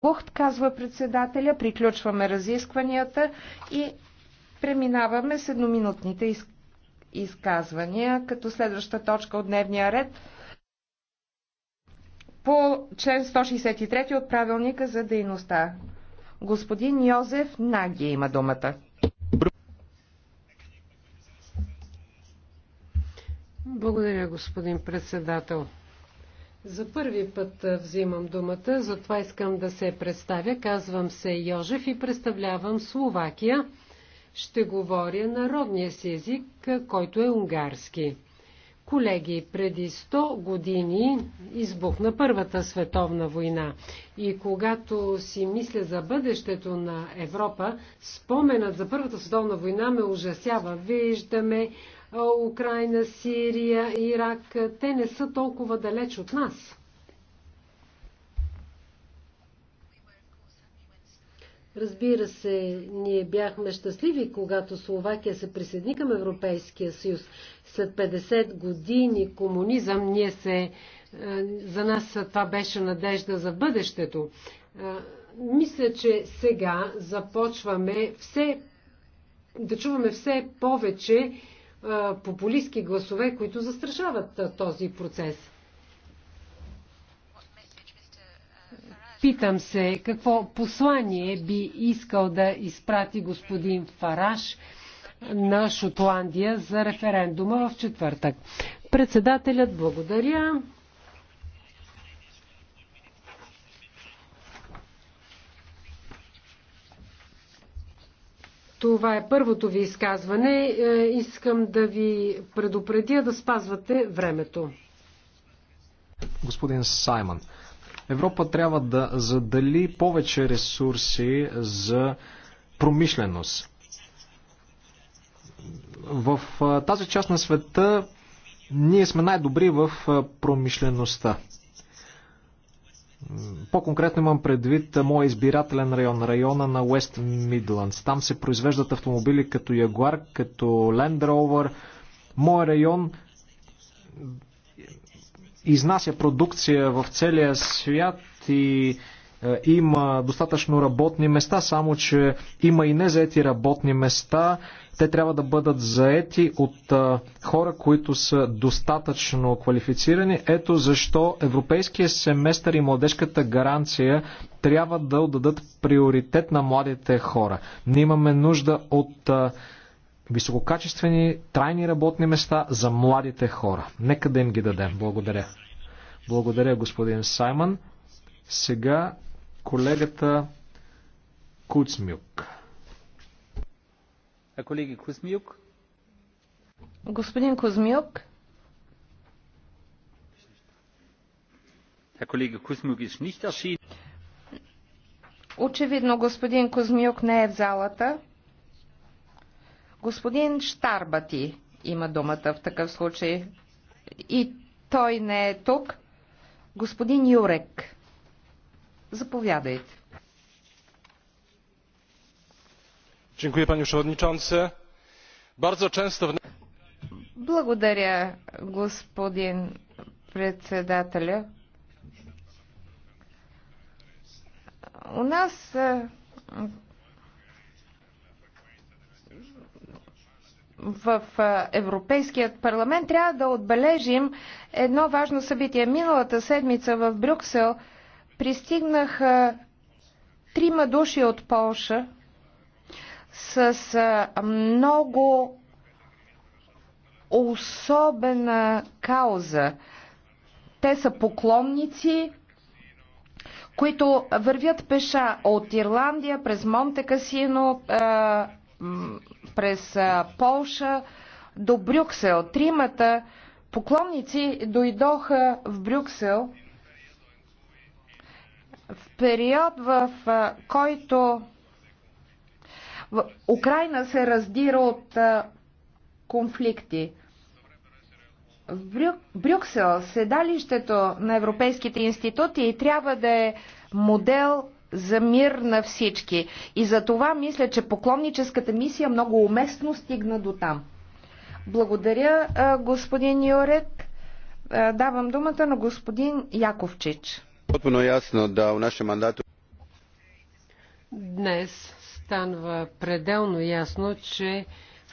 Кухт, казва председателя, приключваме разискванията и преминаваме с едноминутните из... изказвания, като следваща точка от дневния ред по член 163 от правилника за дейността. Господин Йозеф Наги има думата. Благодаря, господин председател. За първи път взимам думата, затова искам да се представя. Казвам се Йожев и представлявам Словакия. Ще говоря народния си език, който е унгарски. Колеги, преди 100 години избухна Първата световна война и когато си мисля за бъдещето на Европа, споменът за Първата световна война ме ужасява. Виждаме Украина, Сирия, Ирак, те не са толкова далеч от нас. Разбира се, ние бяхме щастливи, когато Словакия се присъедини към Европейския съюз. След 50 години комунизъм, ние се, е, за нас това беше надежда за бъдещето. Е, мисля, че сега започваме все, да чуваме все повече популистски гласове, които застрашават този процес. Питам се какво послание би искал да изпрати господин Фараш на Шотландия за референдума в четвъртък. Председателят благодаря. Това е първото ви изказване. Е, искам да ви предупредя да спазвате времето. Господин Саймон, Европа трябва да задали повече ресурси за промишленост. В е, тази част на света ние сме най-добри в е, промишлеността. По-конкретно имам предвид моя избирателен район, района на Уест Мидландс. Там се произвеждат автомобили като Ягуар, като Land Rover. Моя район изнася продукция в целия свят и е, има достатъчно работни места, само че има и незаети работни места. Те трябва да бъдат заети от е, хора, които са достатъчно квалифицирани. Ето защо Европейския семестър и младежката гаранция трябва да отдадат приоритет на младите хора. Ние имаме нужда от е, висококачествени, трайни работни места за младите хора. Нека да им ги дадем. Благодаря. Благодаря, господин Саймън. Сега колегата Куцмюк. А колеги Куцмюк? Господин Кузмюк? Очевидно господин Кузмюк не е в залата. Господин Штарбати има думата в такъв случай. И той не е тук. Господин Юрек. Заповядайте. Благодаря, господин председателя. У нас в Европейският парламент трябва да отбележим едно важно събитие. Миналата седмица в Брюксел пристигнаха трима души от Полша с много особена кауза. Те са поклонници, които вървят пеша от Ирландия през Монте Касино, през Полша до Брюксел. Тримата поклонници дойдоха в Брюксел в период, в който Украина се раздира от конфликти. В Брю... Брюксел, седалището на европейските институти, трябва да е модел за мир на всички. И за това мисля, че поклонническата мисия много уместно стигна до там. Благодаря, господин Юрек. Давам думата на господин Яковчич potpuno jasno da u našem mandatu Днес станва пределно ясно, че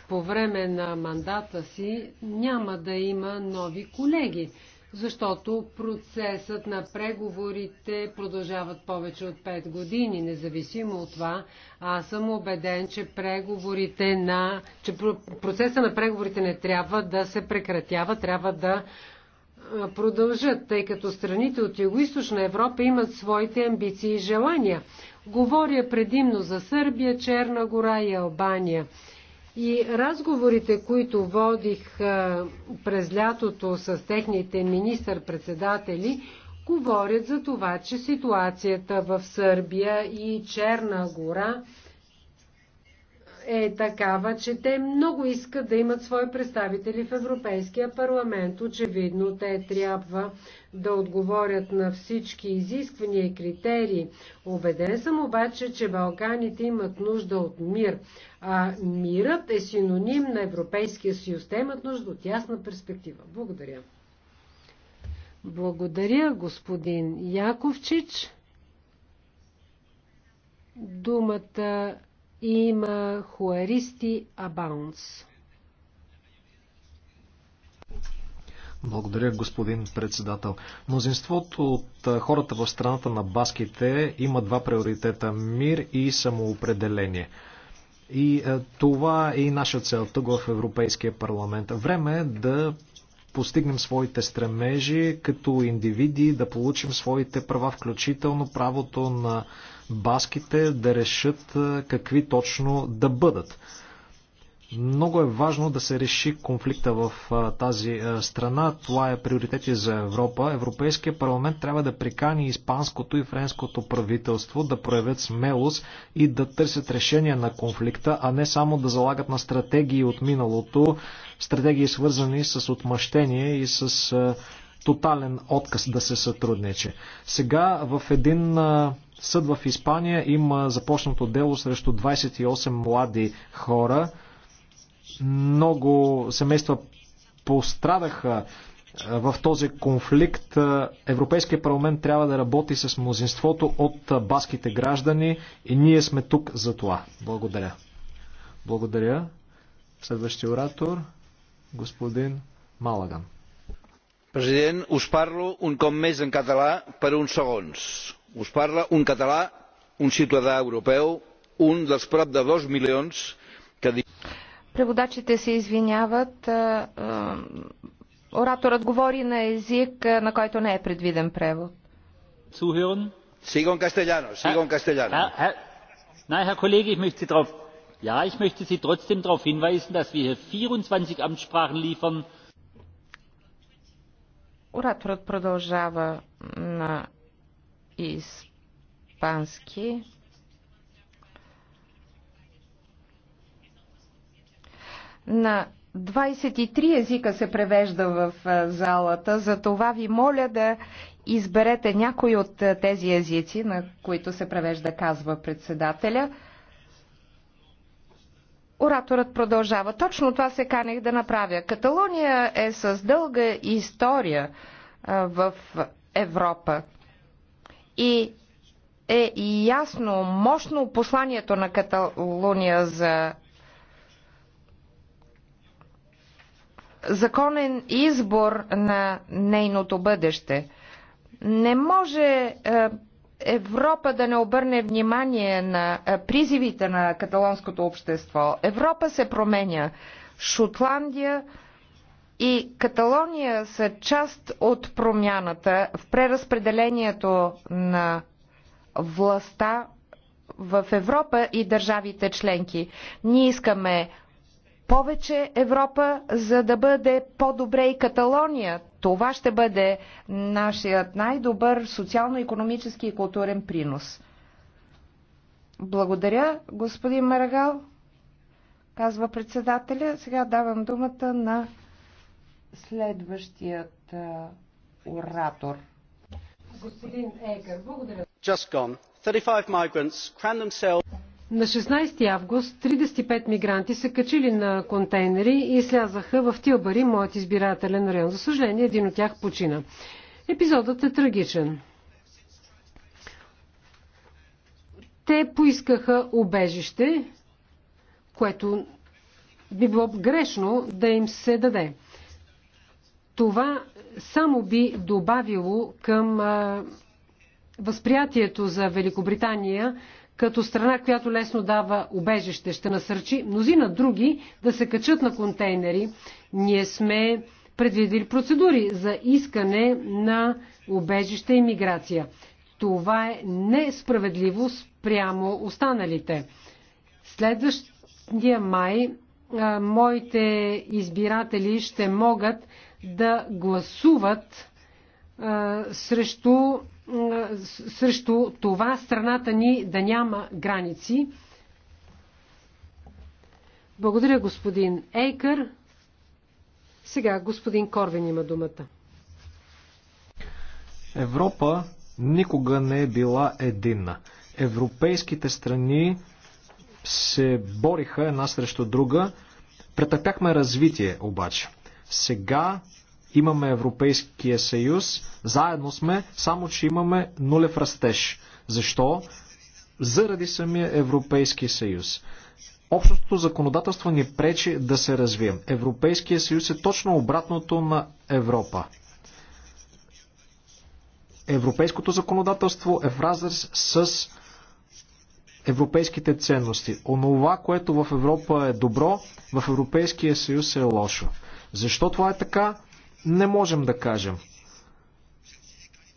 по време на мандата си няма да има нови колеги, защото процесът на преговорите продължават повече от 5 години. Независимо от това, аз съм убеден, че, преговорите на, че процеса на преговорите не трябва да се прекратява, трябва да продължат, тъй като страните от Юго-Источна Европа имат своите амбиции и желания. Говоря предимно за Сърбия, Черна гора и Албания. И разговорите, които водих през лятото с техните министър-председатели, говорят за това, че ситуацията в Сърбия и Черна гора – е такава, че те много искат да имат свои представители в Европейския парламент. Очевидно, те трябва да отговорят на всички изисквания и критерии. Обеден съм обаче, че Балканите имат нужда от мир. А мирът е синоним на Европейския съюз. Те имат нужда от ясна перспектива. Благодаря. Благодаря, господин Яковчич. Думата има хуаристи Абаунс. Благодаря, господин председател. Мнозинството от хората в страната на баските има два приоритета – мир и самоопределение. И е, това е и наша цел тук в Европейския парламент. Време е да постигнем своите стремежи като индивиди, да получим своите права, включително правото на баските да решат какви точно да бъдат. Много е важно да се реши конфликта в тази страна. Това е приоритет за Европа. Европейския парламент трябва да прикани испанското и френското правителство да проявят смелост и да търсят решение на конфликта, а не само да залагат на стратегии от миналото, стратегии свързани с отмъщение и с тотален отказ да се сътрудничи. Сега в един съд в Испания има започнато дело срещу 28 млади хора. Много семейства пострадаха в този конфликт. Европейския парламент трябва да работи с мнозинството от баските граждани и ние сме тук за това. Благодаря. Благодаря. Следващия оратор, господин Малаган. Президент, us parlo un cop més en català per uns segons us parla un català un ciutadà europeu un dels prop de dos milions que... Преводачите се извиняват. Ораторът говори на език, на който не е предвиден превод. Zuhören? Sigo en castellano, sigo en castellano. Nein, Herr Kollege, ich möchte Sie darauf, ja, ich möchte Sie trotzdem darauf hinweisen, dass wir hier 24 Amtssprachen liefern. Ораторът продължава на испански. На 23 езика се превежда в залата, за това ви моля да изберете някой от тези езици, на които се превежда, казва председателя. Ораторът продължава. Точно това се канех да направя. Каталония е с дълга история в Европа и е ясно, мощно посланието на Каталуния за законен избор на нейното бъдеще. Не може е, Европа да не обърне внимание на е, призивите на каталонското общество. Европа се променя. Шотландия и Каталония са част от промяната в преразпределението на властта в Европа и държавите членки. Ние искаме повече Европа, за да бъде по-добре и Каталония. Това ще бъде нашият най-добър социално-економически и културен принос. Благодаря, господин Марагал, казва председателя. Сега давам думата на следващият а, оратор. Господин Егър, благодаря. Just gone. 35 migrants themselves на 16 август 35 мигранти са качили на контейнери и слязаха в Тилбари, моят избирателен район. За съжаление, един от тях почина. Епизодът е трагичен. Те поискаха убежище, което би било грешно да им се даде. Това само би добавило към възприятието за Великобритания като страна, която лесно дава убежище. Ще насърчи мнозина други да се качат на контейнери. Ние сме предвидили процедури за искане на убежище и миграция. Това е несправедливо спрямо останалите. Следващия май а, моите избиратели ще могат да гласуват а, срещу, а, срещу това страната ни да няма граници. Благодаря, господин Ейкър. Сега господин Корвин има думата. Европа никога не е била единна. Европейските страни се бориха една срещу друга. Претъпяхме развитие обаче. Сега имаме Европейския съюз, заедно сме, само че имаме нулев растеж. Защо? Заради самия Европейския съюз. Общото законодателство ни пречи да се развием. Европейския съюз е точно обратното на Европа. Европейското законодателство е в разрез с европейските ценности. Онова, което в Европа е добро, в Европейския съюз е лошо. Защо това е така, не можем да кажем.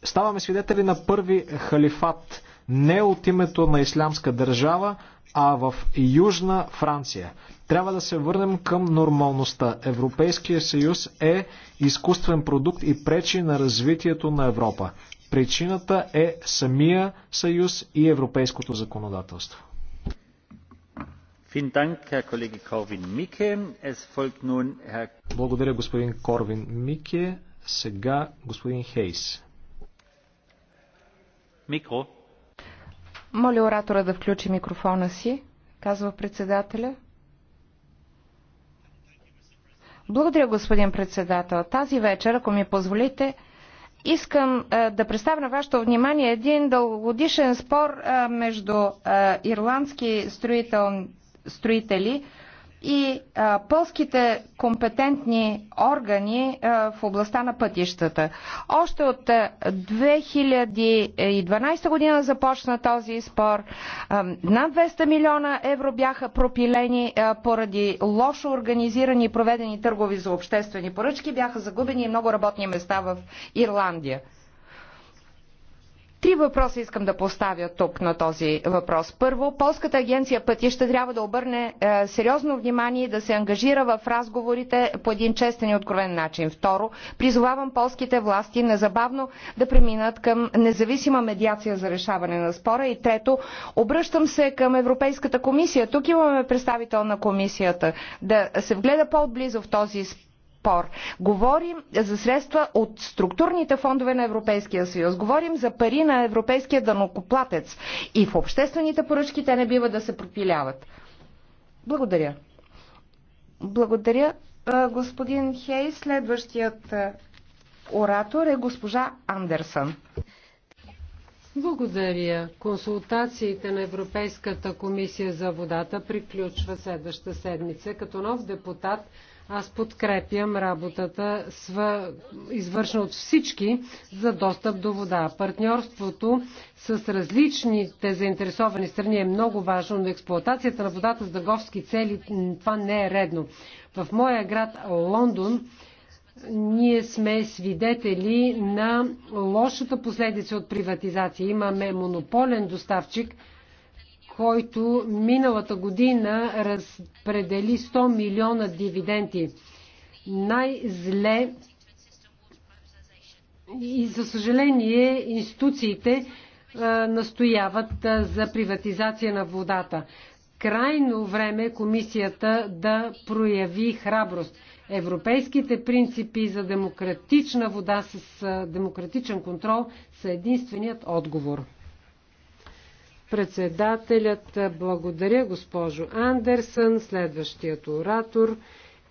Ставаме свидетели на първи халифат, не от името на ислямска държава, а в Южна Франция. Трябва да се върнем към нормалността. Европейския съюз е изкуствен продукт и пречи на развитието на Европа. Причината е самия съюз и европейското законодателство. Благодаря, господин Корвин Мике. Сега господин Хейс. Микро. Моля оратора да включи микрофона си, казва председателя. Благодаря, господин председател. Тази вечер, ако ми позволите, искам е, да представя на вашето внимание един дългогодишен спор е, между е, ирландски строител, строители и а, пълските компетентни органи а, в областта на пътищата. Още от 2012 година започна този спор. А, над 200 милиона евро бяха пропилени а, поради лошо организирани и проведени търгови за обществени поръчки. Бяха загубени и много работни места в Ирландия. Три въпроса искам да поставя тук на този въпрос. Първо, Полската агенция пътища трябва да обърне е, сериозно внимание и да се ангажира в разговорите по един честен и откровен начин. Второ, призовавам полските власти незабавно да преминат към независима медиация за решаване на спора. И трето, обръщам се към Европейската комисия. Тук имаме представител на комисията да се вгледа по-отблизо в този спор спор. Говорим за средства от структурните фондове на Европейския съюз. Говорим за пари на европейския данокоплатец. И в обществените поръчки те не бива да се пропиляват. Благодаря. Благодаря, господин Хей. Следващият оратор е госпожа Андерсън. Благодаря. Консултациите на Европейската комисия за водата приключва следваща седмица. Като нов депутат аз подкрепям работата, извършена от всички за достъп до вода. Партньорството с различните заинтересовани страни е много важно, но експлуатацията на водата с дъговски цели това не е редно. В моя град Лондон ние сме свидетели на лошата последица от приватизация. Имаме монополен доставчик – който миналата година разпредели 100 милиона дивиденти. Най-зле и за съжаление институциите настояват за приватизация на водата. Крайно време е комисията да прояви храброст. Европейските принципи за демократична вода с демократичен контрол са единственият отговор. Председателят благодаря госпожо Андерсън. Следващият оратор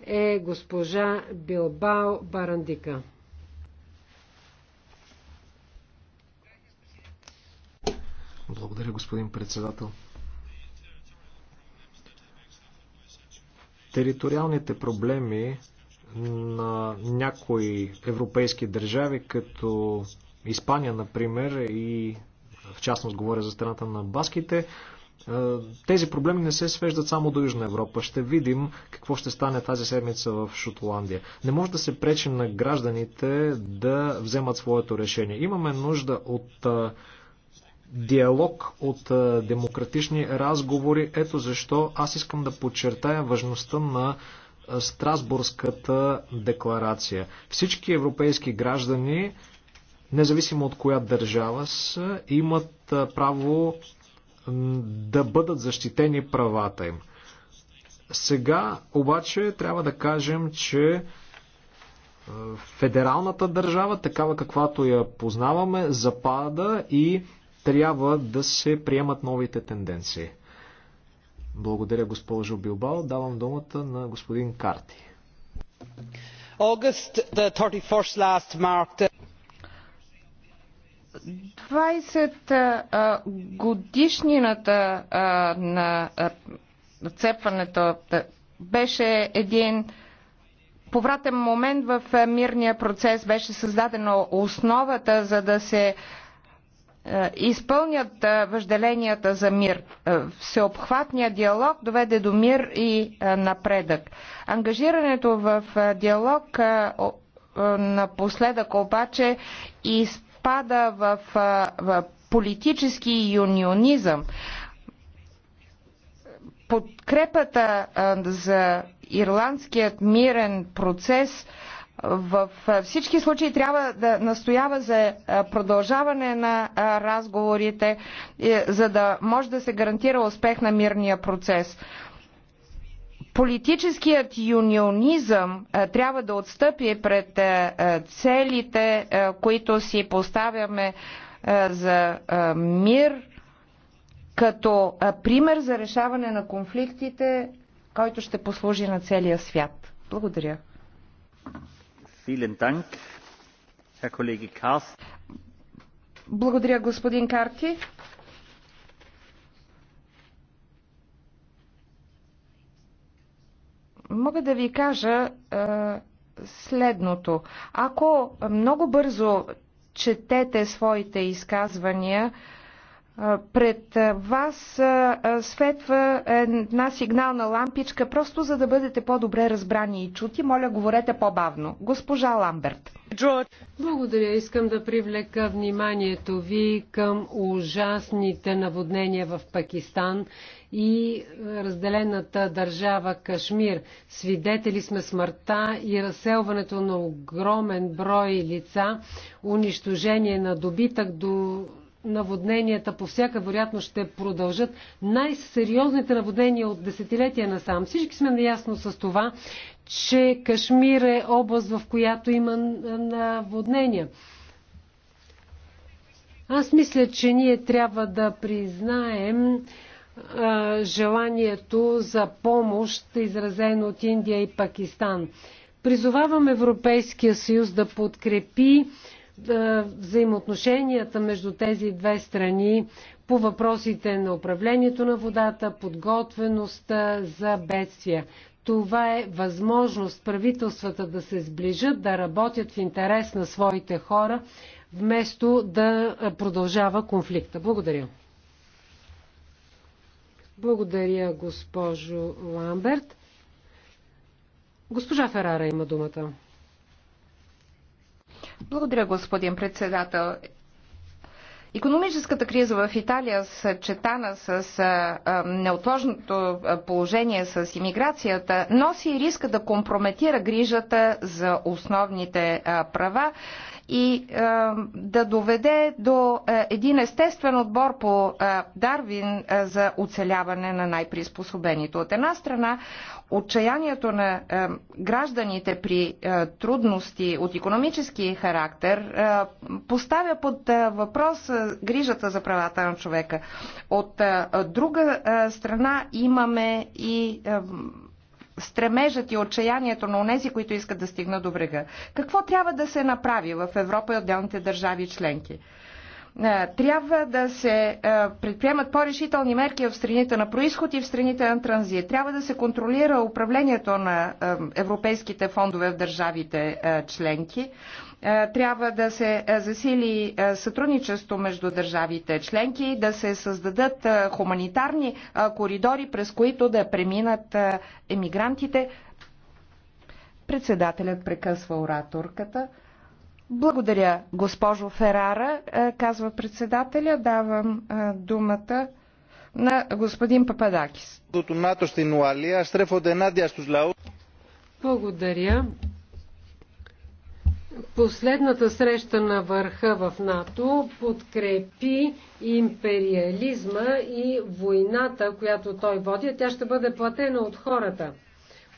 е госпожа Билбао Барандика. Благодаря, господин председател. Териториалните проблеми на някои европейски държави, като Испания, например, и в частност говоря за страната на баските, е, тези проблеми не се свеждат само до Южна Европа. Ще видим какво ще стане тази седмица в Шотландия. Не може да се пречи на гражданите да вземат своето решение. Имаме нужда от е, диалог, от е, демократични разговори. Ето защо аз искам да подчертая важността на Страсбургската декларация. Всички европейски граждани независимо от коя държава са, имат право да бъдат защитени правата им. Сега обаче трябва да кажем, че федералната държава, такава каквато я познаваме, запада и трябва да се приемат новите тенденции. Благодаря, госпожо Билбао. Давам думата на господин Карти. August the 31st last marked 20 годишнината на цепването беше един повратен момент в мирния процес, беше създадена основата, за да се изпълнят въжделенията за мир. Всеобхватният диалог доведе до мир и напредък. Ангажирането в диалог напоследък обаче изпълнява впада в, в политически юнионизъм. Подкрепата за ирландският мирен процес в всички случаи трябва да настоява за продължаване на разговорите, е, за да може да се гарантира успех на мирния процес. Политическият юнионизъм трябва да отстъпи пред целите, които си поставяме за мир, като пример за решаване на конфликтите, който ще послужи на целия свят. Благодаря. Благодаря, господин Карти. мога да ви кажа е, следното. Ако много бързо четете своите изказвания, пред вас светва една сигнална лампичка, просто за да бъдете по-добре разбрани и чути. Моля, говорете по-бавно. Госпожа Ламберт. Благодаря. Искам да привлека вниманието ви към ужасните наводнения в Пакистан и е, разделената държава Кашмир. Свидетели сме смъртта и разселването на огромен брой лица, унищожение на добитък до наводненията по всяка вероятност ще продължат. Най-сериозните наводнения от десетилетия насам. Всички сме наясно с това, че Кашмир е област, в която има наводнения. Аз мисля, че ние трябва да признаем а, желанието за помощ, изразено от Индия и Пакистан. Призовавам Европейския съюз да подкрепи взаимоотношенията между тези две страни по въпросите на управлението на водата, подготвеността за бедствия. Това е възможност правителствата да се сближат, да работят в интерес на своите хора, вместо да продължава конфликта. Благодаря. Благодаря, госпожо Ламберт. Госпожа Ферара има думата. Благодаря, господин председател. Економическата криза в Италия, съчетана с неотложното положение с иммиграцията, носи риска да компрометира грижата за основните права и да доведе до един естествен отбор по Дарвин за оцеляване на най-приспособените. От една страна отчаянието на е, гражданите при е, трудности от економически характер е, поставя под въпрос грижата за правата на човека. От друга страна имаме и стремежът и отчаянието на онези, които искат да стигнат до брега. Какво трябва да се направи в Европа и отделните държави членки? Е, трябва да се е, предприемат по-решителни мерки в страните на происход и в страните на транзит. Трябва да се контролира управлението на е, европейските фондове в държавите членки. Трябва да се засили сътрудничество между държавите членки и да се създадат хуманитарни коридори, през които да преминат емигрантите. Председателят прекъсва ораторката. Благодаря, госпожо Ферара, е, казва председателя. Давам е, думата на господин Пападакис. Благодаря. Последната среща на върха в НАТО подкрепи империализма и войната, която той води. Тя ще бъде платена от хората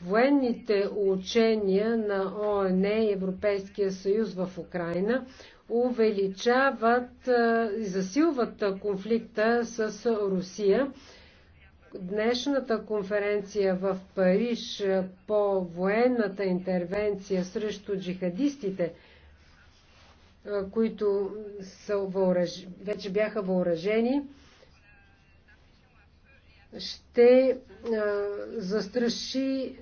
военните учения на ОНЕ и Европейския съюз в Украина увеличават и засилват конфликта с Русия. Днешната конференция в Париж по военната интервенция срещу джихадистите, които са въоръж... вече бяха въоръжени, ще застраши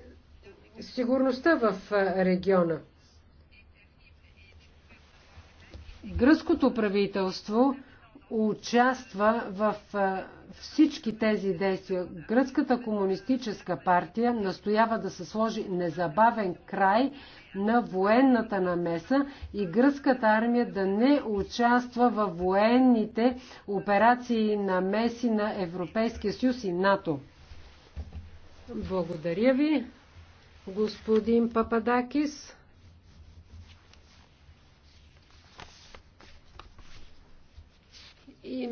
сигурността в региона. Гръцкото правителство участва в всички тези действия. Гръцката комунистическа партия настоява да се сложи незабавен край на военната намеса и гръцката армия да не участва в военните операции на меси на Европейския съюз и НАТО. Благодаря ви. Господин Пападакис. И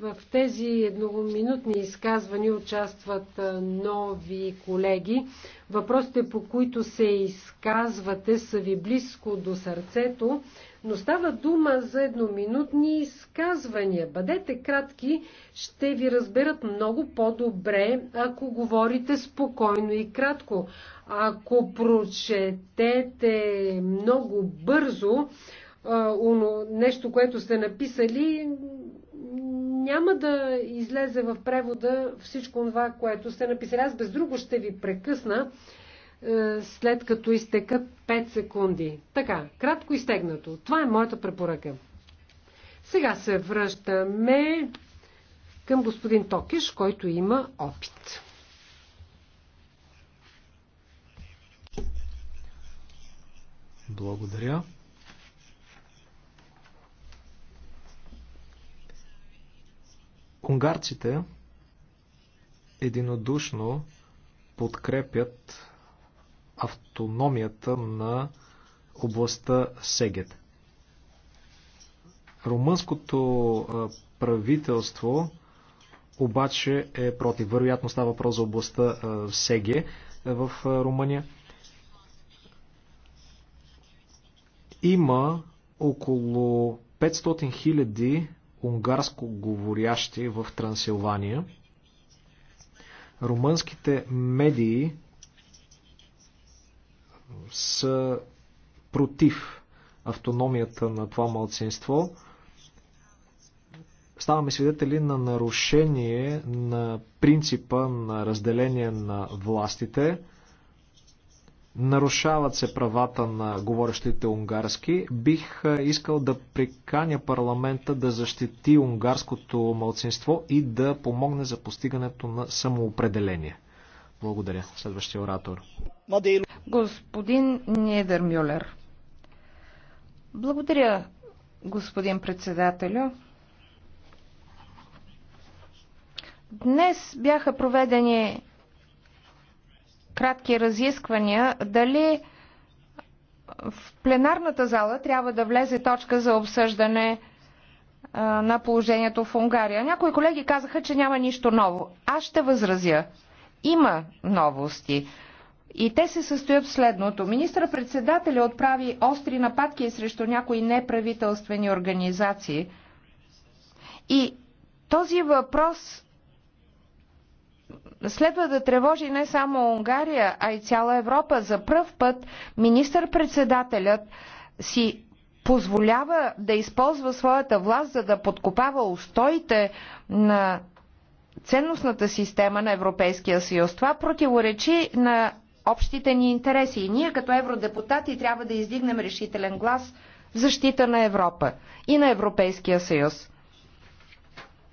в тези едноминутни изказвания участват нови колеги. Въпросите, по които се изказвате, са ви близко до сърцето, но става дума за едноминутни изказвания. Бъдете кратки, ще ви разберат много по-добре, ако говорите спокойно и кратко. Ако прочетете много бързо нещо, което сте написали, няма да излезе в превода всичко това, което сте написали. Аз без друго ще ви прекъсна след като изтекат 5 секунди. Така, кратко изтегнато. Това е моята препоръка. Сега се връщаме към господин Токиш, който има опит. Благодаря. Унгарците единодушно подкрепят автономията на областта Сегет. Румънското правителство обаче е против. Вероятно става въпрос за областта Сеге в Румъния. Има около 500 хиляди унгарско говорящи в Трансилвания. Румънските медии са против автономията на това малцинство. Ставаме свидетели на нарушение на принципа на разделение на властите – Нарушават се правата на говорещите унгарски. Бих искал да приканя парламента да защити унгарското малцинство и да помогне за постигането на самоопределение. Благодаря. Следващия оратор. Господин Мюлер, Благодаря, господин председателю. Днес бяха проведени кратки разисквания дали в пленарната зала трябва да влезе точка за обсъждане на положението в Унгария. Някои колеги казаха, че няма нищо ново. Аз ще възразя. Има новости. И те се състоят в следното. Министър-председателя отправи остри нападки срещу някои неправителствени организации. И този въпрос следва да тревожи не само Унгария, а и цяла Европа. За пръв път министър-председателят си позволява да използва своята власт, за да подкопава устоите на ценностната система на Европейския съюз. Това противоречи на общите ни интереси. И ние като евродепутати трябва да издигнем решителен глас в защита на Европа и на Европейския съюз.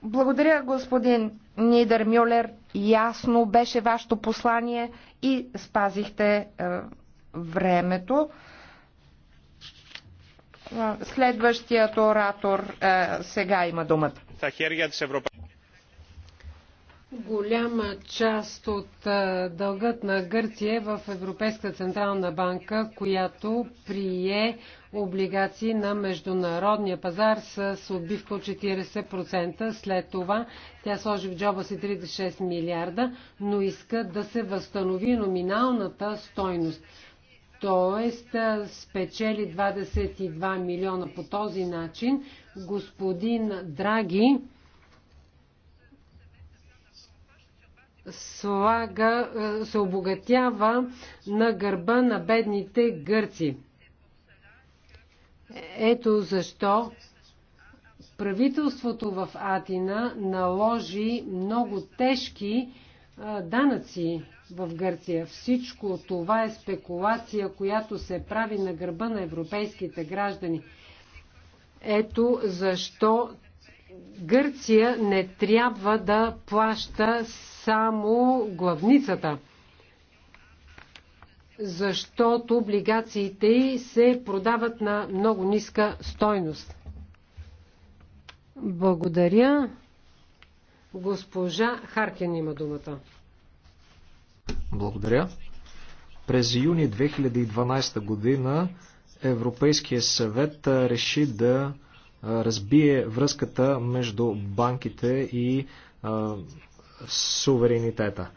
Благодаря, господин Нидер Мюллер. Ясно беше вашето послание и спазихте е, времето. Следващият оратор е, сега има думата. Голяма част от е, дългът на Гърция е в Европейска централна банка, която прие облигации на международния пазар с отбивка от 40%. След това тя сложи в джоба си 36 милиарда, но иска да се възстанови номиналната стойност. Тоест спечели 22 милиона по този начин. Господин Драги слага, се обогатява на гърба на бедните гърци. Ето защо правителството в Атина наложи много тежки данъци в Гърция. Всичко това е спекулация, която се прави на гърба на европейските граждани. Ето защо Гърция не трябва да плаща само главницата защото облигациите й се продават на много ниска стойност. Благодаря. Госпожа Харкен има думата. Благодаря. През юни 2012 година Европейския съвет реши да разбие връзката между банките и суверенитета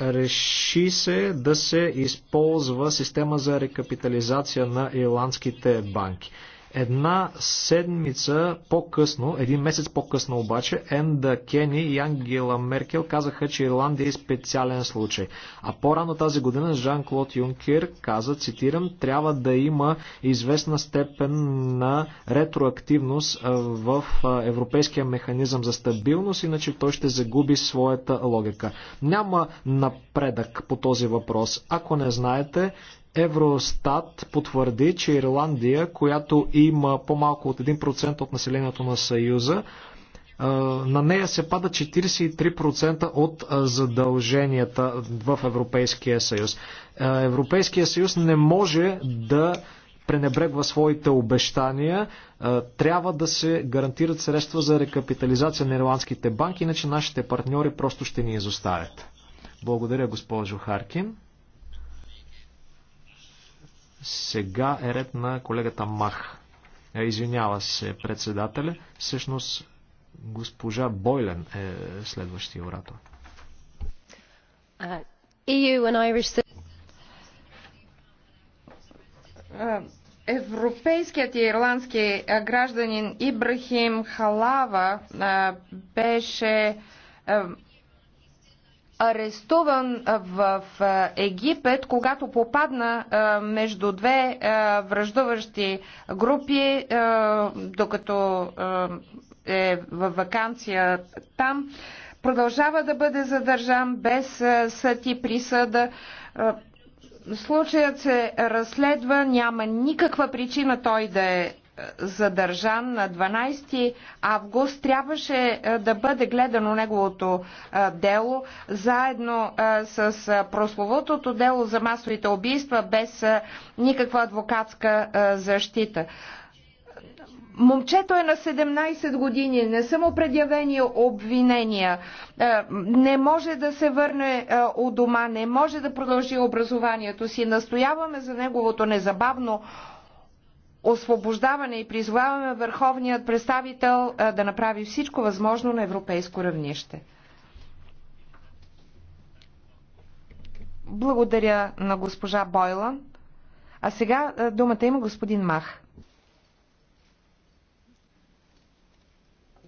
реши се да се използва система за рекапитализация на ирландските банки. Една седмица по-късно, един месец по-късно обаче, Енда Кени и Ангела Меркел казаха, че Ирландия е специален случай. А по-рано тази година Жан-Клод Юнкер каза, цитирам, трябва да има известна степен на ретроактивност в Европейския механизъм за стабилност, иначе той ще загуби своята логика. Няма напредък по този въпрос. Ако не знаете, Евростат потвърди, че Ирландия, която има по-малко от 1% от населението на Съюза, на нея се пада 43% от задълженията в Европейския съюз. Европейския съюз не може да пренебрегва своите обещания. Трябва да се гарантират средства за рекапитализация на ирландските банки, иначе нашите партньори просто ще ни изоставят. Благодаря, госпожо Харкин. Сега е ред на колегата Мах. Е, извинява се председателя. Всъщност госпожа Бойлен е следващия оратор. Uh, Европейският и ирландски гражданин Ибрахим Халава беше арестуван в Египет, когато попадна между две връждуващи групи, докато е във вакансия там. Продължава да бъде задържан без съд и присъда. Случаят се разследва, няма никаква причина той да е задържан на 12 август, трябваше е, да бъде гледано неговото е, дело заедно е, с прословутото дело за масовите убийства без никаква адвокатска защита. Момчето е на 17 години, не са му предявени обвинения, не може да се върне у дома, не може да продължи образованието си. Настояваме за неговото незабавно освобождаване и призоваваме върховният представител да направи всичко възможно на европейско равнище. Благодаря на госпожа Бойлан. А сега думата има господин Мах.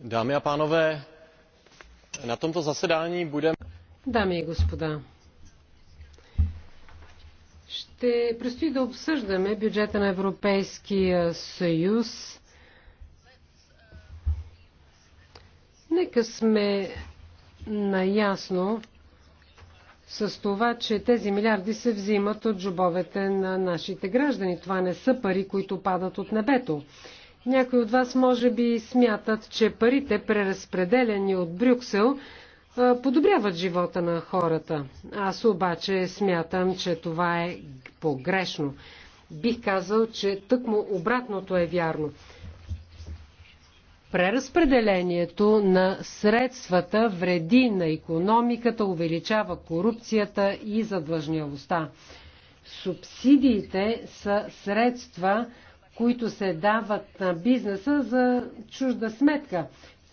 Дами и pánové, на tomto заседание будем... Дами и господа, ще предстои да обсъждаме бюджета на Европейския съюз. Нека сме наясно с това, че тези милиарди се взимат от джобовете на нашите граждани. Това не са пари, които падат от небето. Някои от вас може би смятат, че парите, преразпределени от Брюксел, подобряват живота на хората. Аз обаче смятам, че това е погрешно. Бих казал, че тъкмо обратното е вярно. Преразпределението на средствата вреди на економиката, увеличава корупцията и задлъжнявостта. Субсидиите са средства, които се дават на бизнеса за чужда сметка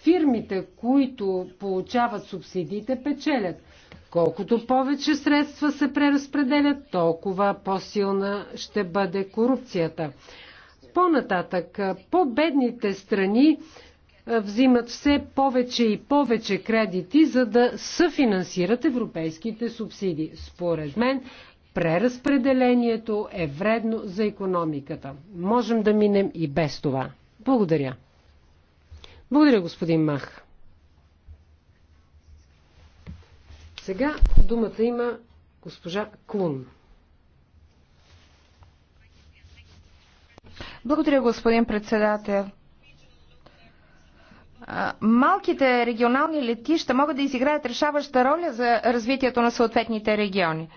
фирмите, които получават субсидиите, печелят. Колкото повече средства се преразпределят, толкова по-силна ще бъде корупцията. По-нататък, по-бедните страни е, взимат все повече и повече кредити, за да съфинансират европейските субсидии. Според мен, преразпределението е вредно за економиката. Можем да минем и без това. Благодаря. Благодаря, господин Мах. Сега думата има госпожа Клун. Благодаря, господин председател. Малките регионални летища могат да изиграят решаваща роля за развитието на съответните региони.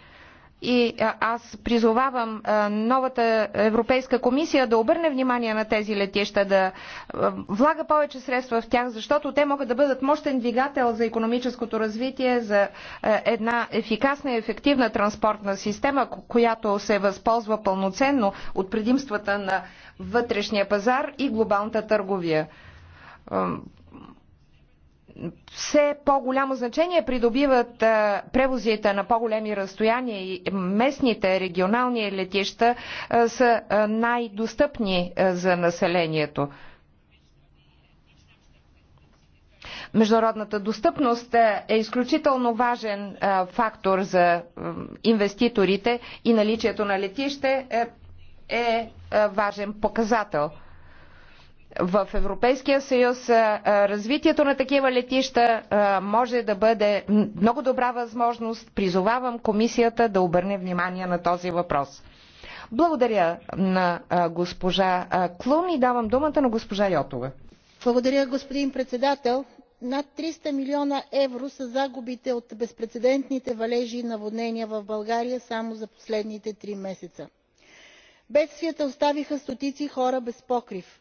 И аз призовавам новата Европейска комисия да обърне внимание на тези летища, да влага повече средства в тях, защото те могат да бъдат мощен двигател за економическото развитие, за една ефикасна и ефективна транспортна система, която се възползва пълноценно от предимствата на вътрешния пазар и глобалната търговия все по-голямо значение придобиват превозите на по-големи разстояния и местните регионални летища са най-достъпни за населението. Международната достъпност е изключително важен фактор за инвеститорите и наличието на летище е, е важен показател в Европейския съюз развитието на такива летища може да бъде много добра възможност. Призовавам комисията да обърне внимание на този въпрос. Благодаря на госпожа Клум и давам думата на госпожа Йотова. Благодаря, господин председател. Над 300 милиона евро са загубите от безпредседентните валежи и наводнения в България само за последните три месеца. Бедствията оставиха стотици хора без покрив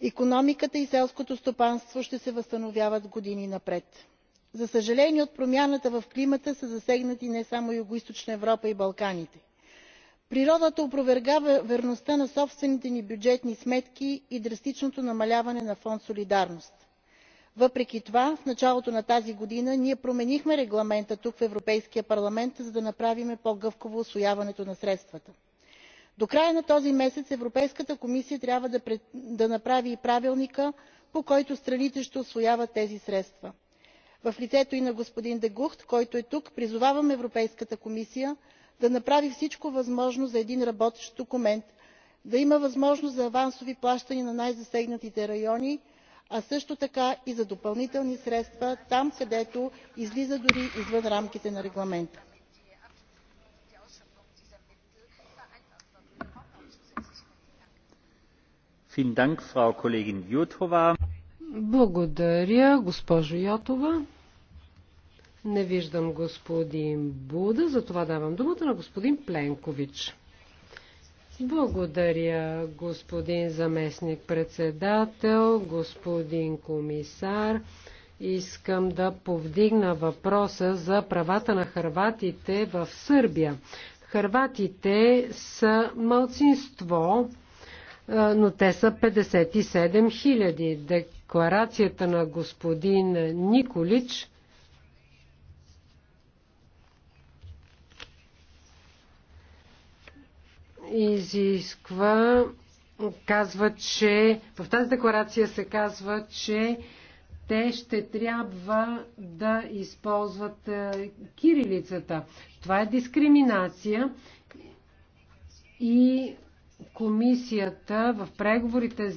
икономиката и селското стопанство ще се възстановяват години напред. за съжаление от промяната в климата са засегнати не само югоизточна европа и балканите. природата опровергава верността на собствените ни бюджетни сметки и драстичното намаляване на фонд солидарност. въпреки това в началото на тази година ние променихме регламента тук в европейския парламент за да направим по гъвкаво усвояването на средствата до края на този месец европейската комисия трябва да направи и правилника по който страните ще усвояват тези средства. в лицето и на господин де който е тук призовавам европейската комисия да направи всичко възможно за един работещ документ да има възможност за авансови плащания на най засегнатите райони а също така и за допълнителни средства там където излиза дори извън рамките на регламента. Благодаря, госпожо Йотова. Не виждам господин Буда, затова давам думата на господин Пленкович. Благодаря, господин заместник председател, господин комисар. Искам да повдигна въпроса за правата на хърватите в Сърбия. Хърватите са мълцинство е, но те са 57 хиляди. Декларацията на господин Николич изисква, казва, че в тази декларация се казва, че те ще трябва да използват е, кирилицата. Това е дискриминация и комисията в преговорите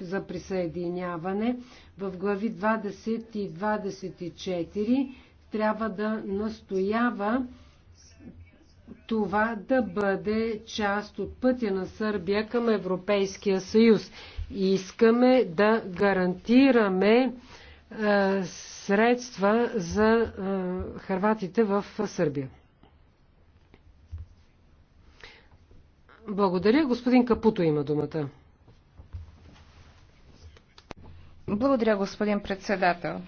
за присъединяване в глави 20 и 24 трябва да настоява това да бъде част от пътя на Сърбия към Европейския съюз. И искаме да гарантираме е, средства за е, харватите в Сърбия. Благодаря. Господин Капуто има думата. Благодаря, господин председател.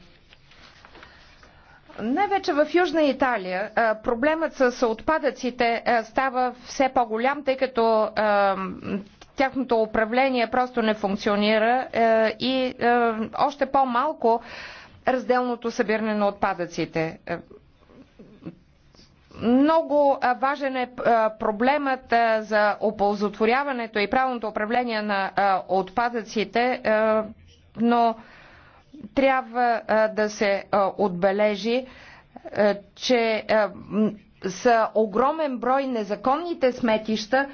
Най-вече в Южна Италия проблемът с отпадъците става все по-голям, тъй като тяхното управление просто не функционира и още по-малко разделното събиране на отпадъците. Много важен е проблемът за оползотворяването и правилното управление на отпадъците, но трябва да се отбележи, че са огромен брой незаконните сметища,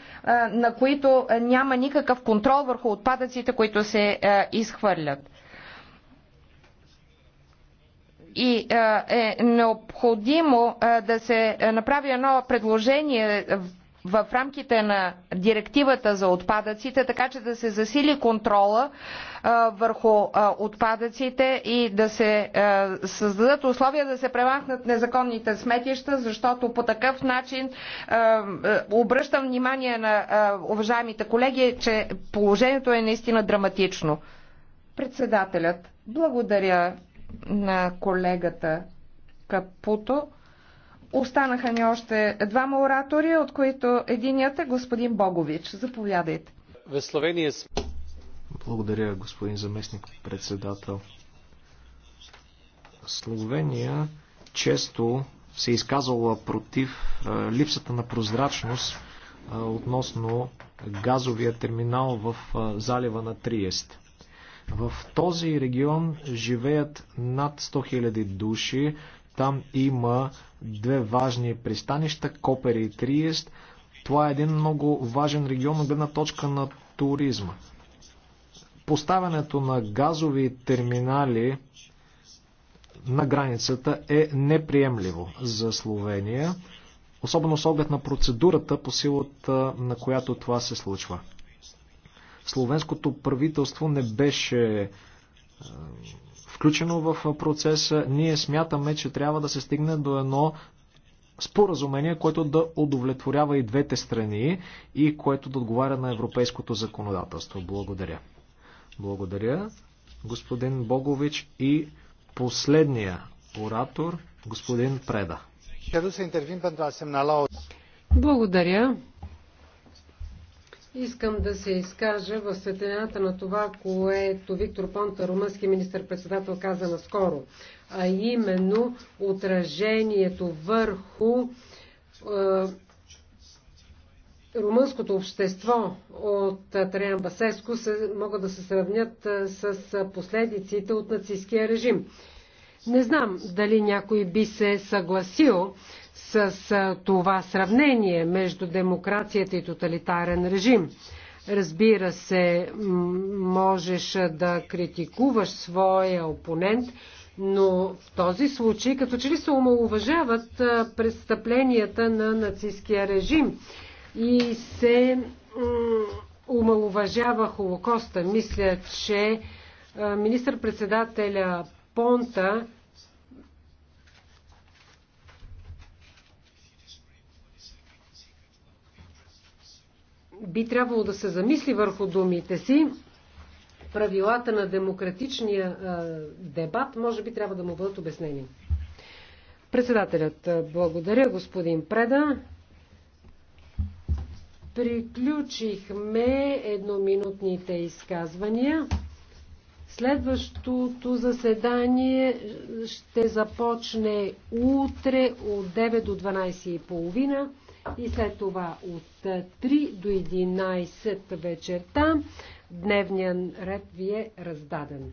на които няма никакъв контрол върху отпадъците, които се изхвърлят и е необходимо да се направи едно предложение в рамките на директивата за отпадъците, така че да се засили контрола върху отпадъците и да се създадат условия да се премахнат незаконните сметища, защото по такъв начин обръщам внимание на уважаемите колеги, че положението е наистина драматично. Председателят, благодаря на колегата Капуто. Останаха ни още двама оратори, от които единият е господин Богович. Заповядайте. В Словения... Благодаря, господин заместник председател. Словения често се е изказвала против липсата на прозрачност относно газовия терминал в залива на Триест. В този регион живеят над 100 000 души. Там има две важни пристанища, Копер и Триест. Това е един много важен регион от гледна точка на туризма. Поставянето на газови терминали на границата е неприемливо за Словения, особено с оглед на процедурата, по силата на която това се случва. Словенското правителство не беше е, включено в е, процеса. Ние смятаме, че трябва да се стигне до едно споразумение, което да удовлетворява и двете страни и което да отговаря на европейското законодателство. Благодаря. Благодаря, господин Богович и последния оратор, господин Преда. Благодаря. Искам да се изкажа в светлината на това, което Виктор Понта, румънски министр-председател, каза наскоро, а именно отражението върху е, румънското общество от Триан Басеско се, могат да се сравнят е, с последиците от нацистския режим. Не знам дали някой би се съгласил с това сравнение между демокрацията и тоталитарен режим. Разбира се, можеш да критикуваш своя опонент, но в този случай като че ли се омалуважават престъпленията на нацистския режим и се омалуважава Холокоста. Мисля, че министър-председателя Понта би трябвало да се замисли върху думите си. Правилата на демократичния а, дебат може би трябва да му бъдат обяснени. Председателят, благодаря господин Преда. Приключихме едноминутните изказвания. Следващото заседание ще започне утре от 9 до 12.30 и след това от 3 до 11 вечерта дневният ред ви е раздаден.